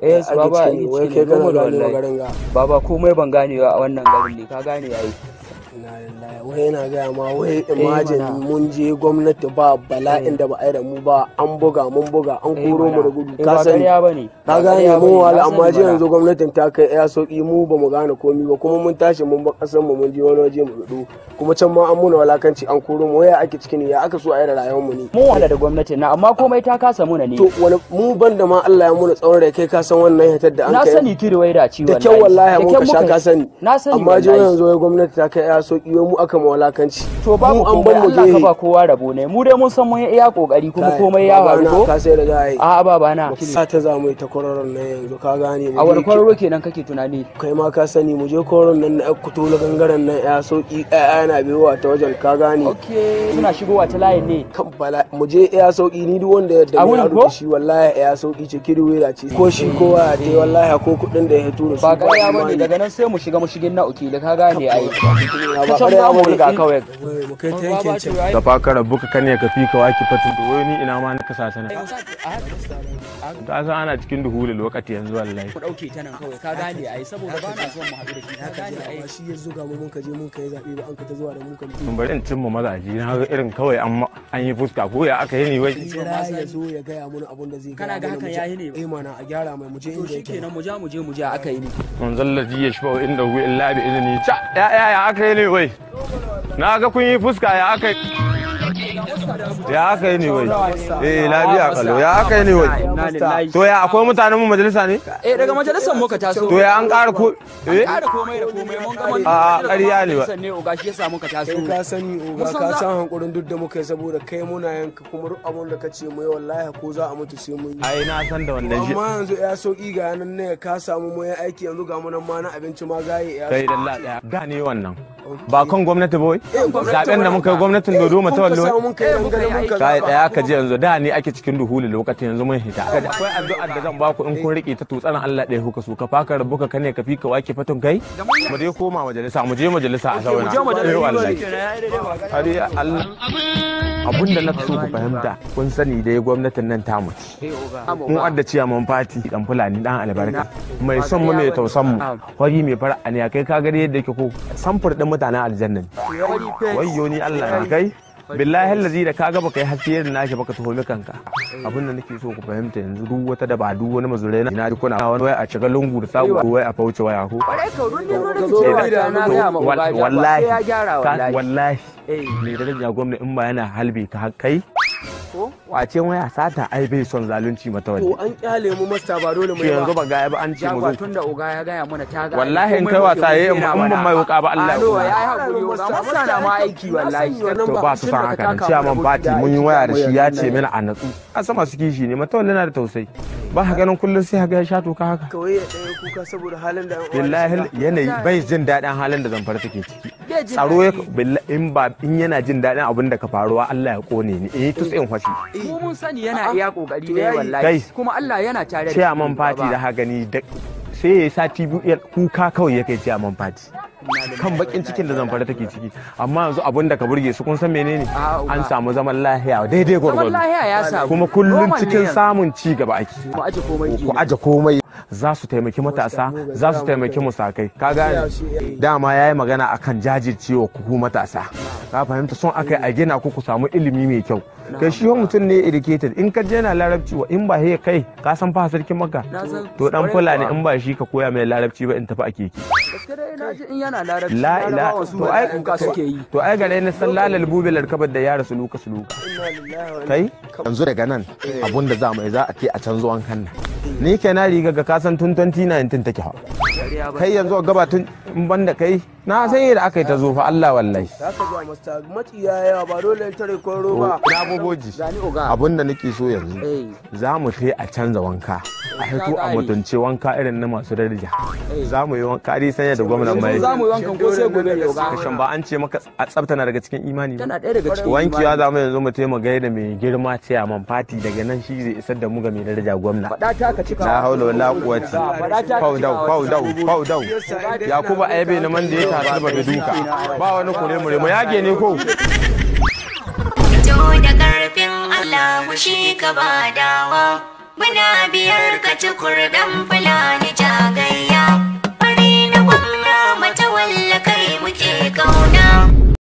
eh baba wai kai gane wa baba komai ban ganewa a wannan garin ne ka gane yayi wai yana gaya ma wai eh, eh, imajin mun je gwamnati ba bala'in eh. da ba a yi da mu ba an buga mun buga an koro mu da gudu ka sani ka gane mun wala amma je yanzu gwamnatin ta kai ya sauki mu ba mu gane komi ba kuma mun tashi mun ba kasan mu mun je wani waje mu gudu kuma can ma an muna walakanci an koro mu waya ake cikin ya aka so a yi da rayuwar mu ne mun wala da gwamnati na amma komai ta kasa muna ne to wani mu banda ma Allah ya muna tsawon rai kai ka san wannan hatar da an kai na sani wai da ciwon da kyau wallahi mun ka sha ka sani amma ji yanzu wai gwamnati ta kai ya sauki mu aka mawalakanci to babu an ban mu Allah ka ba kowa rabo ne mu dai mun san mun iya kokari kuma komai ya faru ko ka sai da zai a a baba na sa ta za mu ta kororon nan yanzu ka gane a wani kororo kenan kake tunani kai ma ka sani mu je kororon nan na kuto na gangaren nan ya sauki ai ana biyowa ta wajen ka gane okay suna shigowa ta layin ne kan bala mu je ya sauki ni duk wanda ya da mu haɗu shi wallahi ya sauki ce kiri wela ce ko shi wa ya wallahi ko kuɗin da ya tura su ba ya bane daga nan sai mu shiga mu shigin na uki da ka gane ai ta can mu riga kawai eh, mu kai ta yankin can da faka ka kane ka fi ka waki fatin da wani ina ma na kasa sana ta san ana cikin duhuli lokaci yanzu wallahi ku dauke ta nan kawai ka gane ai saboda ba na son mu haɗu da shi ka gane ai shi ya zuga mu mun ka je mun kai zabe ba an ka ta zuwa da mun mun bari in cin mu mazaji na ga irin kawai an an yi fuska ko ya aka yi ni wai ya zo ya gaya da zai kana ga hakan ne eh mana a gyara mai mu je inda yake shikenan mu ja mu je mu aka yi ni. manzon laji ya shi inda hu illa bi izni ta ya ya aka yi ne wai na ga kun yi fuska ya aka ya aka yi ne wai eh lafiya kallo ya aka yi ne wai to ya akwai mutanen mu majalisa ne eh daga majalisar mu ka taso to ya an ƙara ko eh an ƙara komai da komai mun ga mun a ƙarya ne ba sanne gashi ya samu ka taso ka sani oga ka san hankurin duk da muka yi saboda kai muna yanka kuma duk abun da ka ce mu wallahi ko za a mutu sai mun yi ai na san da wannan shi amma yanzu ya sauki ga nan ne ka samu mu aiki yanzu ga mu nan ma na abinci ma yi ya kai dalla da ne wannan ba kan gwamnati boy eh, zaben da muka gwamnatin gwamnatin dodo ta wallo eh, kai daya ka je yanzu da ni ake cikin duhuli lokacin yanzu mun hita akwai addu'ar da zan ba ku in kun rike ta tutsan Allah ɗaya kuka so ka faka rubuka ka ne ka fi ka wake fatun kai mu dai koma majalisa mu je majalisa a sauna a sauna Allah abun da na so ku fahimta kun sani da ya gwamnatin nan tamu mu adda mun fati dan fulani dan albarka mai son mu mai tausan mu wari mai fara ne kai ka gani yadda yake ko samfur din mutanen aljanna wayyo ni Allah ya kai billahi lazi da kaga baka yi hasiyar da nashi baka tuhumi kanka abin da nake so ku fahimta yanzu duk wata duk wani mazurai na ina kuna wani waya a shiga lungu da sako wai a fauce waya ko wallahi wallahi ne eh. da gwamna in ba yana halbe ka kai ko kwace waya sata ai bai son zalunci mata wani to an kyale mu masta ba dole mu ba yanzu ba gaya ba an ce mu zo tun da uga ya gaya mana ta ga wallahi in kai wasa yayi eh, in ban mai wuka ba Allah ya yi hakuri oga masta na ma aiki wallahi to ba su san haka ce ciya man bati mun yi waya da shi ya ce mana a natsu a sama su kishi ne mata wallahi na da tausayi ba ka ganin kullum sai haka ya sha toka haka kawai ya ɗaya kuka saboda halin da wallahi yanayi bai jin daɗin halin da zamfara take ciki tsaro ya in ba in yana jin daɗin abin da ka faruwa Allah ya kone ni eh tus in fashi ko eh. sani yana ah, ah. iya kokari ne wallahi kuma Allah yana tare da shi man fati da haka gani da sai ya sa TV kuka kawai ya kai ci man fati kan bakin cikin da zamfara take ciki amma yanzu abin da ka burge su kun san menene ah, an samu zaman lahiya daidai gwargwado kuma kullum cikin samun ci gaba ake ku aje komai za su taimaki matasa za su taimaki musakai kaga dama ya yi magana akan jajircewa kuku matasa ka fahimta son aka a gina ku ku samu ilimi mai kyau kai shi mutum ne educated in ka je na larabci wa in ba he kai ka san fa sarkin maka to dan ne in ba shi ka koya mai larabci ba in tafi a keke la ila to ai to ai gare ni sallalal bubil da ya suluka suluka kai yanzu daga nan eh. abun da za mu za a ce a canzo an kanna eh. ni na riga ga kasan tun 2019 take hawa. kai yanzu gaba tun in banda kai na san yadda aka yi ta zo fa Allah wallahi za ka zuwa masta maciya yawa ba dole roba na boboji abin da nake so yanzu eh. za mu kai a canza wanka a hito a mutunce wanka irin na masu daraja eh. za mu yi wanka dai sanya da gwamnan mai za mu yi wankan ko sai gobe kashin ba an ce maka a tsafta na daga cikin imani tana ɗaya daga cikin wankiwa za mu yanzu mu taimaka gaida mai girma ce a man fati daga nan shi zai isar da mu ga mai daraja gwamna faɗa ta ka cika la haula wala dau, faudau faudau faudau yakuba aibe na man da ya hasar ba duka ba wani kure mure mu yage ne ko fito da karfin Allah shi ka dawa muna biyar ka tukur dan fulani ja